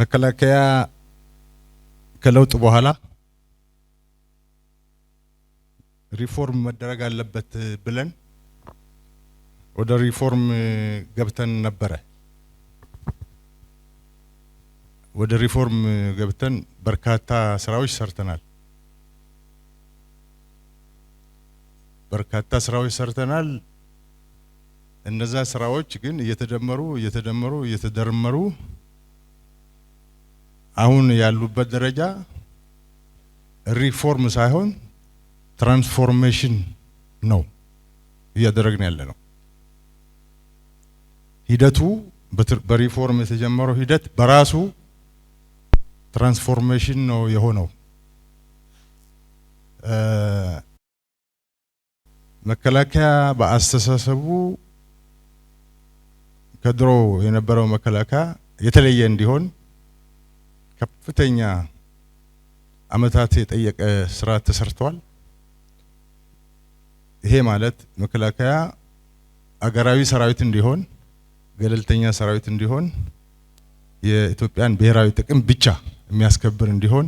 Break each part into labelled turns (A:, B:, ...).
A: መከላከያ ከለውጥ በኋላ ሪፎርም መደረግ አለበት ብለን ወደ ሪፎርም ገብተን ነበረ። ወደ ሪፎርም ገብተን በርካታ ስራዎች ሰርተናል። በርካታ ስራዎች ሰርተናል። እነዛ ስራዎች ግን እየተደመሩ እየተደመሩ እየተደመሩ አሁን ያሉበት ደረጃ ሪፎርም ሳይሆን ትራንስፎርሜሽን ነው እያደረግን ያለ ነው። ሂደቱ በሪፎርም የተጀመረው ሂደት በራሱ ትራንስፎርሜሽን ነው የሆነው። መከላከያ በአስተሳሰቡ ከድሮ የነበረው መከላከያ የተለየ እንዲሆን ከፍተኛ አመታት የጠየቀ ስራ ተሰርቷል። ይሄ ማለት መከላከያ አገራዊ ሰራዊት እንዲሆን፣ ገለልተኛ ሰራዊት እንዲሆን፣ የኢትዮጵያን ብሔራዊ ጥቅም ብቻ የሚያስከብር እንዲሆን፣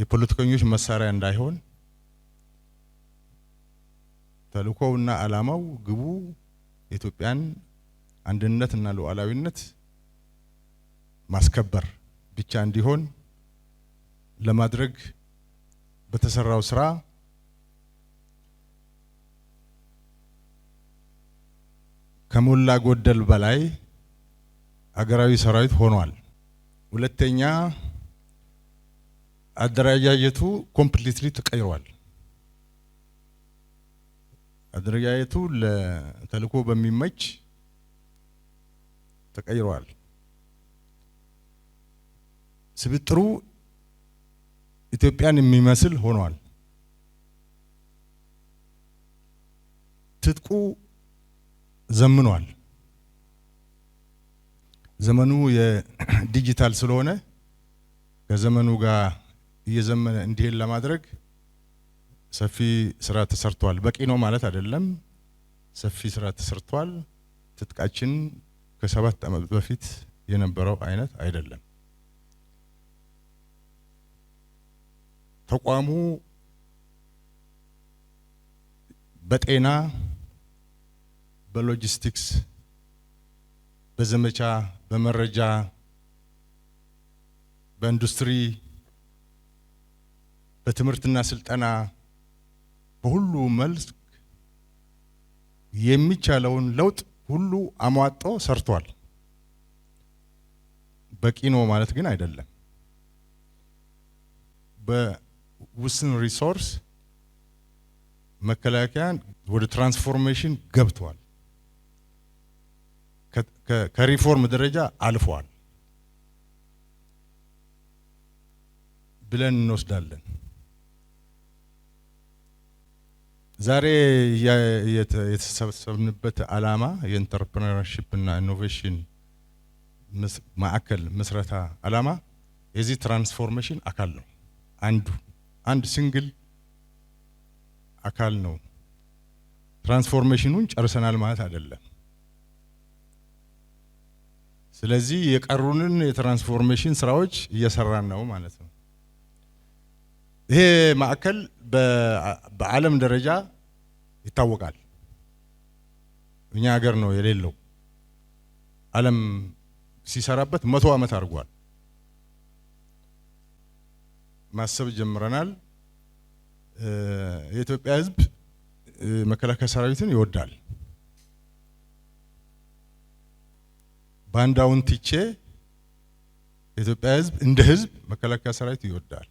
A: የፖለቲከኞች መሳሪያ እንዳይሆን ተልእኮውና አላማው ግቡ የኢትዮጵያን አንድነትና ሉዓላዊነት ማስከበር ብቻ እንዲሆን ለማድረግ በተሰራው ስራ ከሞላ ጎደል በላይ አገራዊ ሰራዊት ሆኗል። ሁለተኛ አደረጃጀቱ ኮምፕሊትሊ ተቀይሯል። አደረጃጀቱ ለተልኮ በሚመች ተቀይሯል። ስብጥሩ ኢትዮጵያን የሚመስል ሆኗል። ትጥቁ ዘምኗል። ዘመኑ የዲጂታል ስለሆነ ከዘመኑ ጋር እየዘመነ እንዲሄድ ለማድረግ ሰፊ ስራ ተሰርቷል። በቂ ነው ማለት አይደለም። ሰፊ ስራ ተሰርቷል። ትጥቃችን ከሰባት ዓመት በፊት የነበረው አይነት አይደለም። ተቋሙ በጤና፣ በሎጂስቲክስ፣ በዘመቻ፣ በመረጃ፣ በኢንዱስትሪ፣ በትምህርትና ስልጠና በሁሉ መልክ የሚቻለውን ለውጥ ሁሉ አሟጦ ሰርቷል። በቂ ነው ማለት ግን አይደለም። ውስን ሪሶርስ መከላከያን ወደ ትራንስፎርሜሽን ገብቷል። ከሪፎርም ደረጃ አልፏል ብለን እንወስዳለን። ዛሬ የተሰበሰብንበት ዓላማ የኢንተርፕረነርሺፕ እና ኢኖቬሽን ማዕከል ምስረታ ዓላማ የዚህ ትራንስፎርሜሽን አካል ነው አንዱ አንድ ሲንግል አካል ነው። ትራንስፎርሜሽኑን ጨርሰናል ማለት አይደለም። ስለዚህ የቀሩንን የትራንስፎርሜሽን ስራዎች እየሰራን ነው ማለት ነው። ይሄ ማዕከል በዓለም ደረጃ ይታወቃል። እኛ ሀገር ነው የሌለው። ዓለም ሲሰራበት መቶ ዓመት አድርጓል። ማሰብ ጀምረናል። የኢትዮጵያ ሕዝብ መከላከያ ሰራዊትን ይወዳል። ባንዳውን ትቼ የኢትዮጵያ ሕዝብ እንደ ሕዝብ መከላከያ ሰራዊት ይወዳል።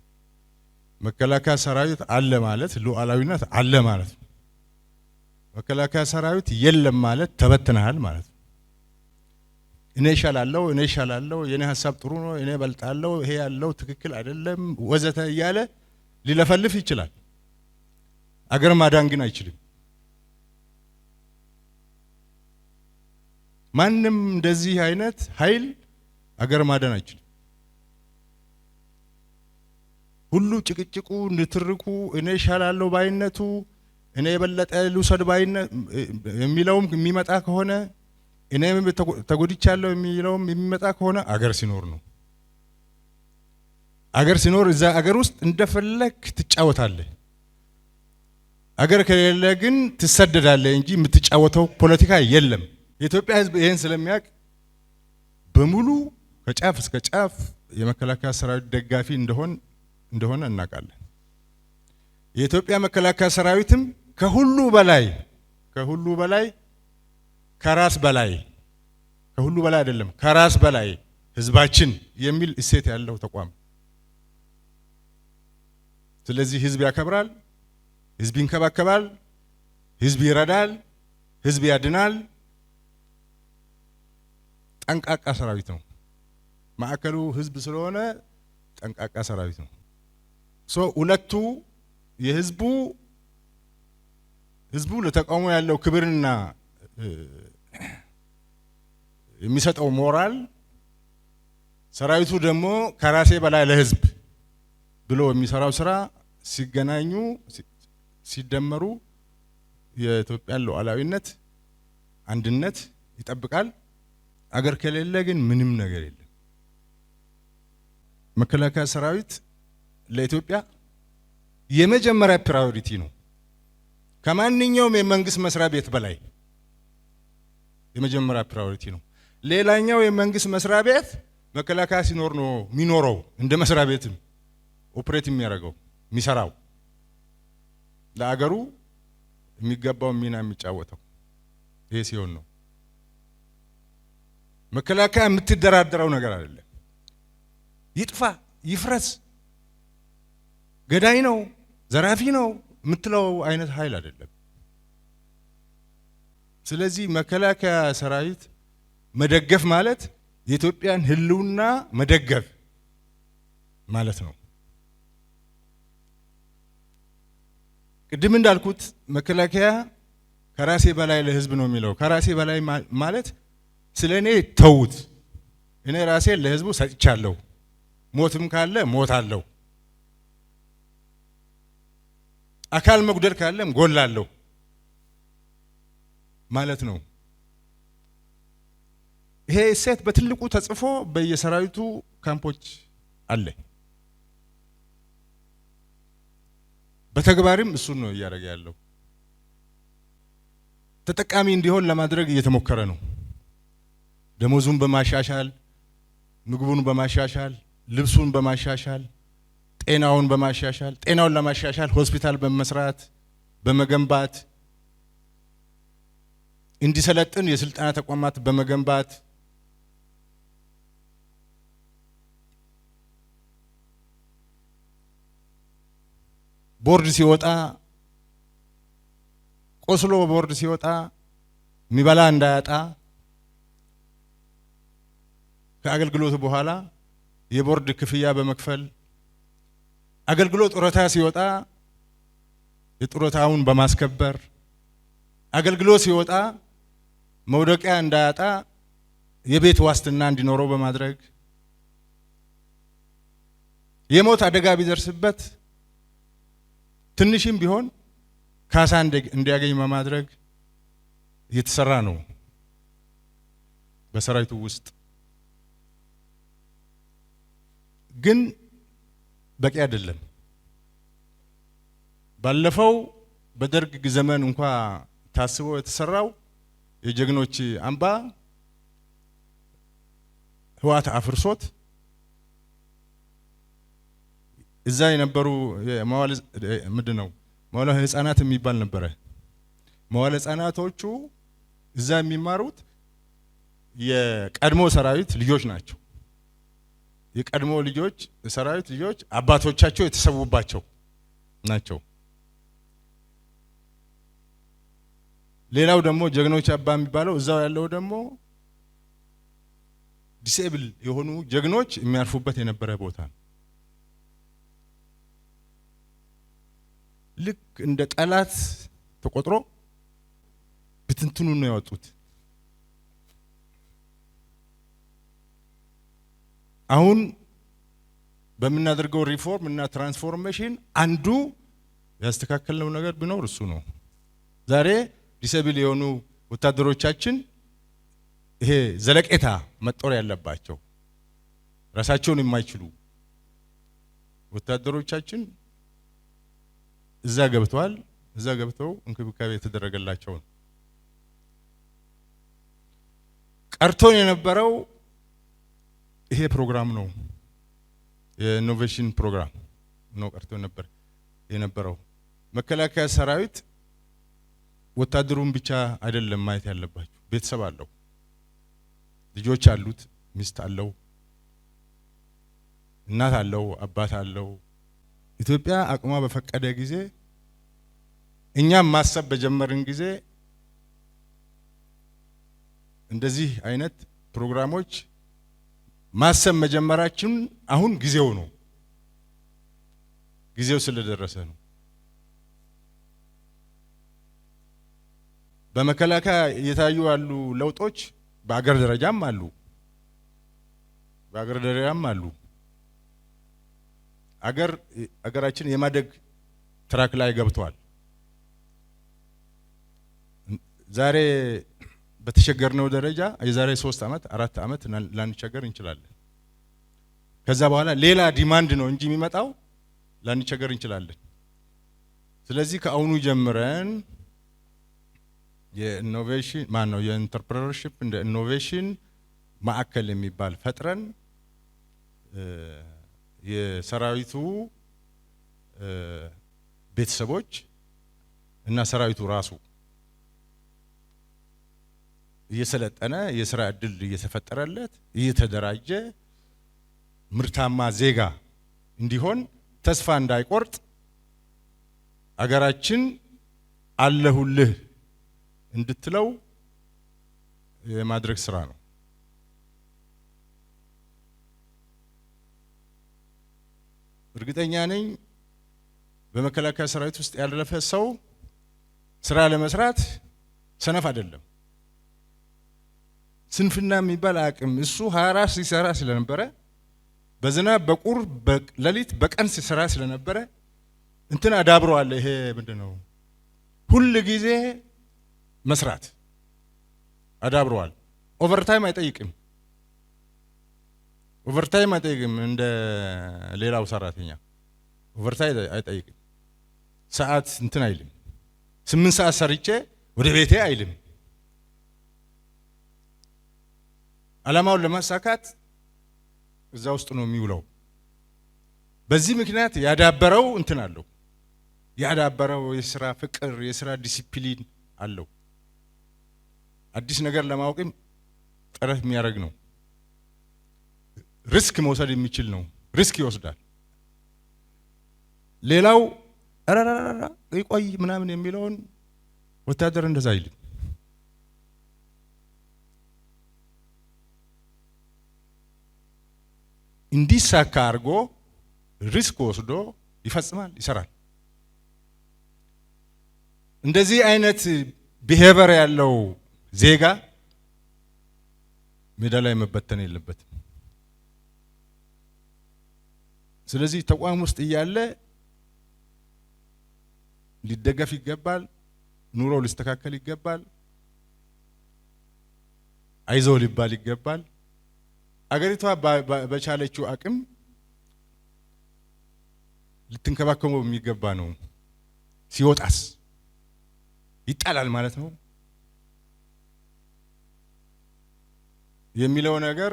A: መከላከያ ሰራዊት አለ ማለት ሉዓላዊነት አለ ማለት ነው። መከላከያ ሰራዊት የለም ማለት ተበትነሃል ማለት ነው። እኔ ይሻላለሁ፣ እኔ ይሻላለሁ፣ የእኔ ሀሳብ ጥሩ ነው፣ እኔ እበልጣለሁ፣ ይሄ ያለው ትክክል አይደለም ወዘተ እያለ ሊለፈልፍ ይችላል። አገር ማዳን ግን አይችልም። ማንም እንደዚህ አይነት ኃይል አገር ማዳን አይችልም። ሁሉ ጭቅጭቁ፣ ንትርኩ፣ እኔ ይሻላለሁ ባይነቱ፣ እኔ የበለጠ ልውሰድ ባይነት የሚለውም የሚመጣ ከሆነ እኔም ተጎድቻለሁ የሚለውም የሚመጣ ከሆነ አገር ሲኖር ነው። አገር ሲኖር እዛ አገር ውስጥ እንደፈለግ ትጫወታለህ። አገር ከሌለ ግን ትሰደዳለህ እንጂ የምትጫወተው ፖለቲካ የለም። የኢትዮጵያ ሕዝብ ይህን ስለሚያውቅ በሙሉ ከጫፍ እስከ ጫፍ የመከላከያ ሰራዊት ደጋፊ እንደሆን እንደሆነ እናውቃለን። የኢትዮጵያ መከላከያ ሰራዊትም ከሁሉ በላይ ከሁሉ በላይ ከራስ በላይ ከሁሉ በላይ አይደለም፣ ከራስ በላይ ህዝባችን የሚል እሴት ያለው ተቋም። ስለዚህ ህዝብ ያከብራል፣ ህዝብ ይንከባከባል፣ ህዝብ ይረዳል፣ ህዝብ ያድናል። ጠንቃቃ ሰራዊት ነው። ማዕከሉ ህዝብ ስለሆነ ጠንቃቃ ሰራዊት ነው። ሶ ሁለቱ የህዝቡ ህዝቡ ለተቃውሞ ያለው ክብርና የሚሰጠው ሞራል ሰራዊቱ ደግሞ ከራሴ በላይ ለህዝብ ብሎ የሚሰራው ስራ ሲገናኙ ሲደመሩ የኢትዮጵያን ሉዓላዊነት አንድነት ይጠብቃል። አገር ከሌለ ግን ምንም ነገር የለም። መከላከያ ሰራዊት ለኢትዮጵያ የመጀመሪያ ፕራዮሪቲ ነው፣ ከማንኛውም የመንግስት መስሪያ ቤት በላይ የመጀመሪያ ፕራዮሪቲ ነው። ሌላኛው የመንግስት መስሪያ ቤት መከላከያ ሲኖር ነው የሚኖረው። እንደ መስሪያ ቤትም ኦፕሬት የሚያደርገው የሚሰራው ለአገሩ የሚገባው ሚና የሚጫወተው ይሄ ሲሆን ነው። መከላከያ የምትደራደረው ነገር አይደለም። ይጥፋ፣ ይፍረስ፣ ገዳይ ነው፣ ዘራፊ ነው የምትለው አይነት ኃይል አይደለም። ስለዚህ መከላከያ ሰራዊት መደገፍ ማለት የኢትዮጵያን ህልውና መደገፍ ማለት ነው። ቅድም እንዳልኩት መከላከያ ከራሴ በላይ ለህዝብ ነው የሚለው። ከራሴ በላይ ማለት ስለ እኔ ተዉት፣ እኔ ራሴ ለህዝቡ ሰጥቻለሁ። ሞትም ካለ ሞት አለው አካል መጉደል ካለም ጎላለሁ። ማለት ነው። ይሄ እሴት በትልቁ ተጽፎ በየሰራዊቱ ካምፖች አለ። በተግባርም እሱን ነው እያደረገ ያለው። ተጠቃሚ እንዲሆን ለማድረግ እየተሞከረ ነው። ደሞዙን በማሻሻል ምግቡን በማሻሻል ልብሱን በማሻሻል ጤናውን በማሻሻል ጤናውን ለማሻሻል ሆስፒታል በመስራት በመገንባት እንዲሰለጥን የስልጠና ተቋማት በመገንባት ቦርድ ሲወጣ ቆስሎ ቦርድ ሲወጣ የሚበላ እንዳያጣ ከአገልግሎቱ በኋላ የቦርድ ክፍያ በመክፈል አገልግሎት ጡረታ ሲወጣ የጡረታውን በማስከበር አገልግሎት ሲወጣ መውደቂያ እንዳያጣ የቤት ዋስትና እንዲኖረው በማድረግ የሞት አደጋ ቢደርስበት ትንሽም ቢሆን ካሳ እንዲያገኝ በማድረግ እየተሰራ ነው። በሰራዊቱ ውስጥ ግን በቂ አይደለም። ባለፈው በደርግ ዘመን እንኳ ታስቦ የተሰራው የጀግኖች አምባ ህዋት አፍርሶት እዛ የነበሩ መዋል ምንድን ነው መዋለ ህጻናት የሚባል ነበረ። መዋለ ህጻናቶቹ እዛ የሚማሩት የቀድሞ ሰራዊት ልጆች ናቸው። የቀድሞ ልጆች ሰራዊት ልጆች አባቶቻቸው የተሰዉባቸው ናቸው። ሌላው ደግሞ ጀግኖች አባ የሚባለው እዛው ያለው ደግሞ ዲስኤብል የሆኑ ጀግኖች የሚያርፉበት የነበረ ቦታ ነው። ልክ እንደ ጠላት ተቆጥሮ ብትንትኑ ነው ያወጡት። አሁን በምናደርገው ሪፎርም እና ትራንስፎርሜሽን አንዱ ያስተካከልነው ነገር ቢኖር እሱ ነው ዛሬ ዲሰብል የሆኑ ወታደሮቻችን ይሄ ዘለቄታ መጦር ያለባቸው ራሳቸውን የማይችሉ ወታደሮቻችን እዛ ገብተዋል። እዛ ገብተው እንክብካቤ የተደረገላቸው ነው። ቀርቶን የነበረው ይሄ ፕሮግራም ነው። የኢኖቬሽን ፕሮግራም ነው ቀርቶ ነበር የነበረው መከላከያ ሰራዊት ወታደሩን ብቻ አይደለም ማየት ያለባችሁ። ቤተሰብ አለው፣ ልጆች አሉት፣ ሚስት አለው፣ እናት አለው፣ አባት አለው። ኢትዮጵያ አቅሟ በፈቀደ ጊዜ እኛም ማሰብ በጀመርን ጊዜ እንደዚህ አይነት ፕሮግራሞች ማሰብ መጀመራችን አሁን ጊዜው ነው። ጊዜው ስለደረሰ ነው። በመከላከያ እየታዩ ያሉ ለውጦች በአገር ደረጃም አሉ በአገር ደረጃም አሉ። አገር አገራችን የማደግ ትራክ ላይ ገብቷል። ዛሬ በተቸገርነው ደረጃ የዛሬ ሶስት ዓመት አራት ዓመት ላንቸገር እንችላለን። ከዛ በኋላ ሌላ ዲማንድ ነው እንጂ የሚመጣው ላንቸገር እንችላለን። ስለዚህ ከአሁኑ ጀምረን የኢኖቬሽን ማን ነው እንደ ኢኖቬሽን ማዕከል የሚባል ፈጥረን የሰራዊቱ ቤተሰቦች እና ሰራዊቱ ራሱ እየሰለጠነ የስራ እድል እየተፈጠረለት እየተደራጀ ምርታማ ዜጋ እንዲሆን ተስፋ እንዳይቆርጥ አገራችን አለሁልህ እንድትለው የማድረግ ስራ ነው። እርግጠኛ ነኝ በመከላከያ ሰራዊት ውስጥ ያለፈ ሰው ስራ ለመስራት ሰነፍ አይደለም። ስንፍና የሚባል አቅም እሱ ሀራ ሲሰራ ስለነበረ በዝናብ በቁር ሌሊት በቀን ሲሰራ ስለነበረ እንትን አዳብረዋለ። ይሄ ምንድን ነው ሁል ጊዜ መስራት አዳብረዋል። ኦቨርታይም አይጠይቅም። ኦቨርታይም አይጠይቅም። እንደ ሌላው ሰራተኛ ኦቨርታይም አይጠይቅም። ሰዓት እንትን አይልም። ስምንት ሰዓት ሰርቼ ወደ ቤቴ አይልም። ዓላማውን ለማሳካት እዛ ውስጥ ነው የሚውለው። በዚህ ምክንያት ያዳበረው እንትን አለው ያዳበረው የስራ ፍቅር፣ የስራ ዲሲፕሊን አለው። አዲስ ነገር ለማወቅም ጥረት የሚያደርግ ነው። ሪስክ መውሰድ የሚችል ነው። ሪስክ ይወስዳል። ሌላው ረረረረ ቆይ ምናምን የሚለውን ወታደር እንደዛ አይልም። እንዲሳካ አድርጎ ሪስክ ወስዶ ይፈጽማል፣ ይሰራል። እንደዚህ አይነት ብሄበር ያለው ዜጋ ሜዳ ላይ መበተን የለበትም። ስለዚህ ተቋም ውስጥ እያለ ሊደገፍ ይገባል። ኑሮ ሊስተካከል ይገባል። አይዞ ሊባል ይገባል። አገሪቷ በቻለችው አቅም ልትንከባከበው የሚገባ ነው። ሲወጣስ ይጣላል ማለት ነው። የሚለው ነገር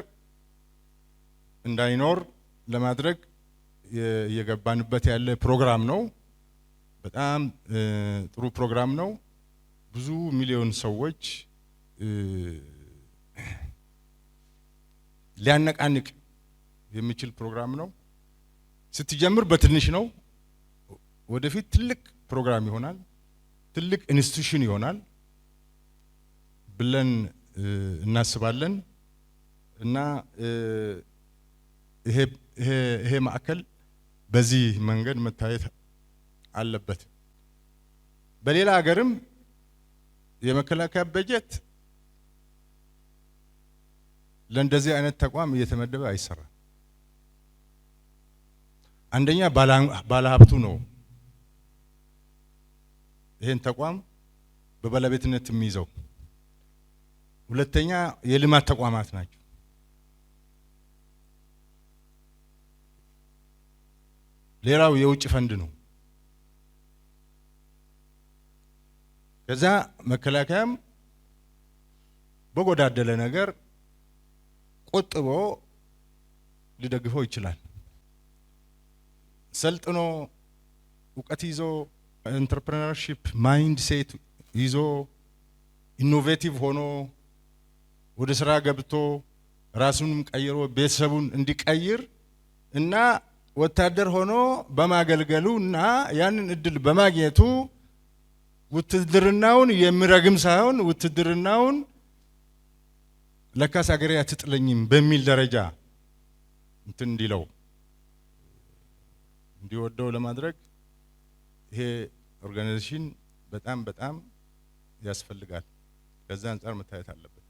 A: እንዳይኖር ለማድረግ እየገባንበት ያለ ፕሮግራም ነው። በጣም ጥሩ ፕሮግራም ነው። ብዙ ሚሊዮን ሰዎች ሊያነቃንቅ የሚችል ፕሮግራም ነው። ስትጀምር በትንሽ ነው። ወደፊት ትልቅ ፕሮግራም ይሆናል፣ ትልቅ ኢንስቲቱሽን ይሆናል ብለን እናስባለን። እና ይሄ ማዕከል በዚህ መንገድ መታየት አለበት። በሌላ ሀገርም የመከላከያ በጀት ለእንደዚህ አይነት ተቋም እየተመደበ አይሰራም። አንደኛ ባለሀብቱ ነው ይህን ተቋም በባለቤትነት የሚይዘው። ሁለተኛ የልማት ተቋማት ናቸው። ሌላው የውጭ ፈንድ ነው። ከዛ መከላከያም በጎዳደለ ነገር ቆጥቦ ሊደግፈው ይችላል። ሰልጥኖ እውቀት ይዞ ኢንተርፕሪነርሺፕ ማይንድ ሴት ይዞ ኢኖቬቲቭ ሆኖ ወደ ስራ ገብቶ ራሱንም ቀይሮ ቤተሰቡን እንዲቀይር እና ወታደር ሆኖ በማገልገሉ እና ያንን እድል በማግኘቱ ውትድርናውን የሚረግም ሳይሆን ውትድርናውን ለካስ ሀገሬ አትጥለኝም በሚል ደረጃ እንትን እንዲለው እንዲወደው ለማድረግ ይሄ ኦርጋናይዜሽን በጣም በጣም ያስፈልጋል። ከዛ አንጻር መታየት አለበት።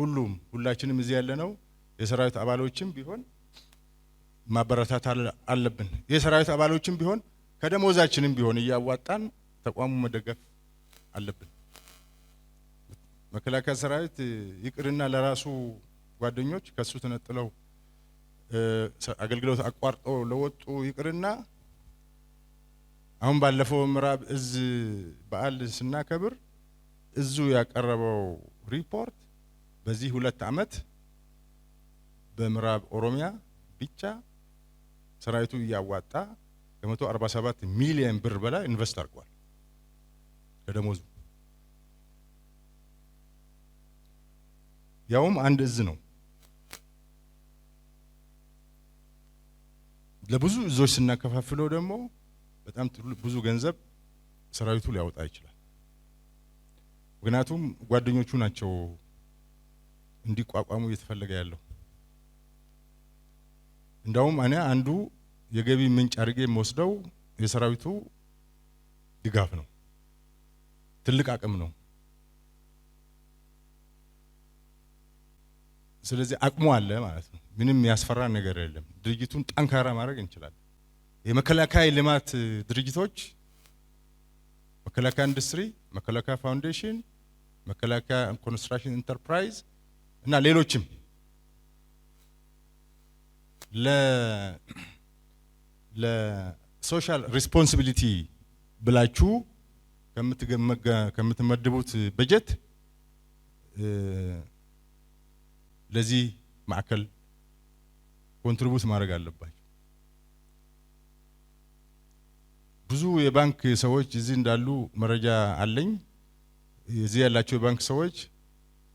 A: ሁሉም ሁላችንም እዚህ ያለነው የሰራዊት አባሎችም ቢሆን ማበረታት አለብን። የሰራዊት አባሎችም ቢሆን ከደሞዛችንም ቢሆን እያዋጣን ተቋሙ መደገፍ አለብን። መከላከያ ሰራዊት ይቅርና ለራሱ ጓደኞች ከሱ ተነጥለው አገልግሎት አቋርጦ ለወጡ ይቅርና አሁን ባለፈው ምዕራብ እዝ በዓል ስናከብር እዙ ያቀረበው ሪፖርት በዚህ ሁለት ዓመት በምዕራብ ኦሮሚያ ብቻ ሰራዊቱ እያዋጣ ከ147 ሚሊዮን ብር በላይ ኢንቨስት አድርጓል ከደሞዙ። ያውም አንድ እዝ ነው። ለብዙ እዞች ስናከፋፍለው ደግሞ በጣም ብዙ ገንዘብ ሰራዊቱ ሊያወጣ ይችላል። ምክንያቱም ጓደኞቹ ናቸው እንዲቋቋሙ እየተፈለገ ያለው። እንደውም እኔ አንዱ የገቢ ምንጭ አድርጌ የምወስደው የሰራዊቱ ድጋፍ ነው። ትልቅ አቅም ነው። ስለዚህ አቅሙ አለ ማለት ነው። ምንም ያስፈራ ነገር የለም። ድርጅቱን ጠንካራ ማድረግ እንችላለን። የመከላከያ ልማት ድርጅቶች መከላከያ ኢንዱስትሪ፣ መከላከያ ፋውንዴሽን፣ መከላከያ ኮንስትራክሽን ኢንተርፕራይዝ እና ሌሎችም ለሶሻል ሪስፖንሲቢሊቲ ብላችሁ ከምትመድቡት በጀት ለዚህ ማዕከል ኮንትሪቡት ማድረግ አለባችሁ። ብዙ የባንክ ሰዎች እዚህ እንዳሉ መረጃ አለኝ። እዚህ ያላቸው የባንክ ሰዎች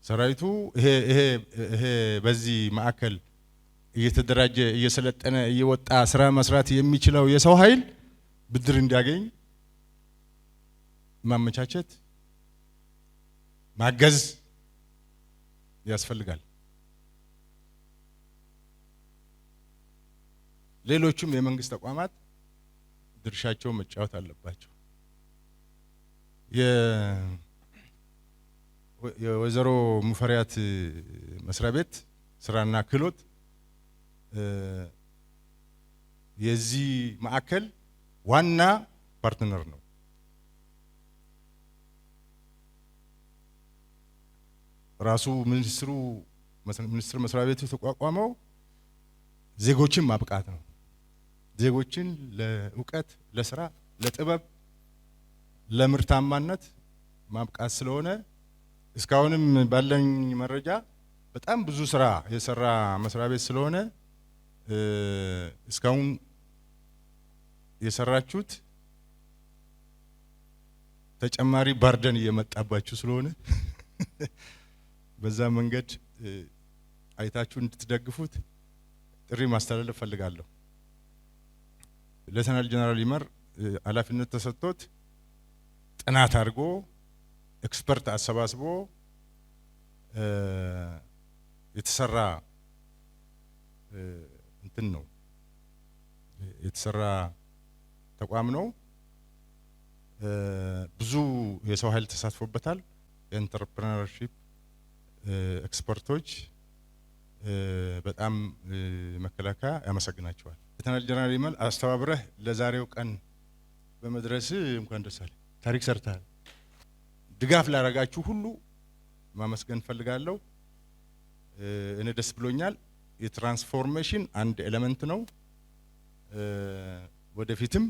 A: ሰራዊቱ ይሄ በዚህ ማዕከል እየተደራጀ እየሰለጠነ እየወጣ ስራ መስራት የሚችለው የሰው ኃይል ብድር እንዲያገኝ ማመቻቸት ማገዝ ያስፈልጋል። ሌሎቹም የመንግስት ተቋማት ድርሻቸው መጫወት አለባቸው። የወይዘሮ ሙፈሪያት መስሪያ ቤት ስራና ክህሎት የዚህ ማዕከል ዋና ፓርትነር ነው። ራሱ ሚኒስትሩ ሚኒስትር መስሪያ ቤቱ የተቋቋመው ዜጎችን ማብቃት ነው። ዜጎችን ለእውቀት፣ ለስራ፣ ለጥበብ፣ ለምርታማነት ማብቃት ስለሆነ እስካሁንም ባለኝ መረጃ በጣም ብዙ ስራ የሰራ መስሪያ ቤት ስለሆነ እስካሁን የሰራችሁት ተጨማሪ ባርደን እየመጣባችሁ ስለሆነ በዛ መንገድ አይታችሁ እንድትደግፉት ጥሪ ማስተላለፍ ፈልጋለሁ። ሌተናል ጀነራል ይመር ኃላፊነት ተሰጥቶት ጥናት አድርጎ ኤክስፐርት አሰባስቦ የተሰራ እንትን ነው የተሰራ ተቋም ነው። ብዙ የሰው ኃይል ተሳትፎበታል። የኢንተርፕረነርሺፕ ኤክስፐርቶች በጣም መከላከያ ያመሰግናቸዋል። ሌተናል ጀነራል ይመል አስተባብረህ ለዛሬው ቀን በመድረስ እንኳን ደስ ታሪክ ሰርተሃል። ድጋፍ ላረጋችሁ ሁሉ ማመስገን እፈልጋለሁ። እኔ ደስ ብሎኛል። የትራንስፎርሜሽን አንድ ኤሌመንት ነው። ወደፊትም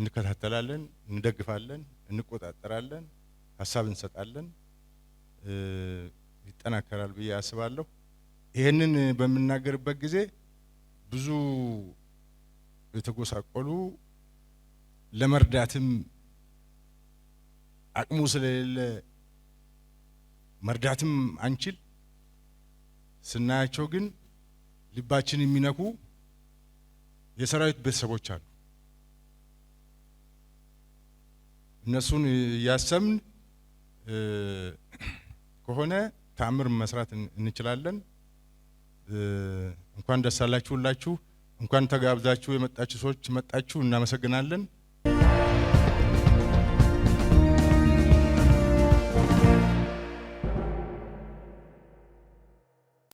A: እንከታተላለን፣ እንደግፋለን፣ እንቆጣጠራለን፣ ሀሳብ እንሰጣለን። ይጠናከራል ብዬ አስባለሁ። ይህንን በምናገርበት ጊዜ ብዙ የተጎሳቆሉ ለመርዳትም አቅሙ ስለሌለ መርዳትም አንችል ስናያቸው ግን ልባችን የሚነኩ የሰራዊት ቤተሰቦች አሉ። እነሱን እያሰብን ከሆነ ተአምር መስራት እንችላለን። እንኳን ደስ አላችሁ ሁላችሁ። እንኳን ተጋብዛችሁ የመጣችሁ ሰዎች መጣችሁ፣ እናመሰግናለን።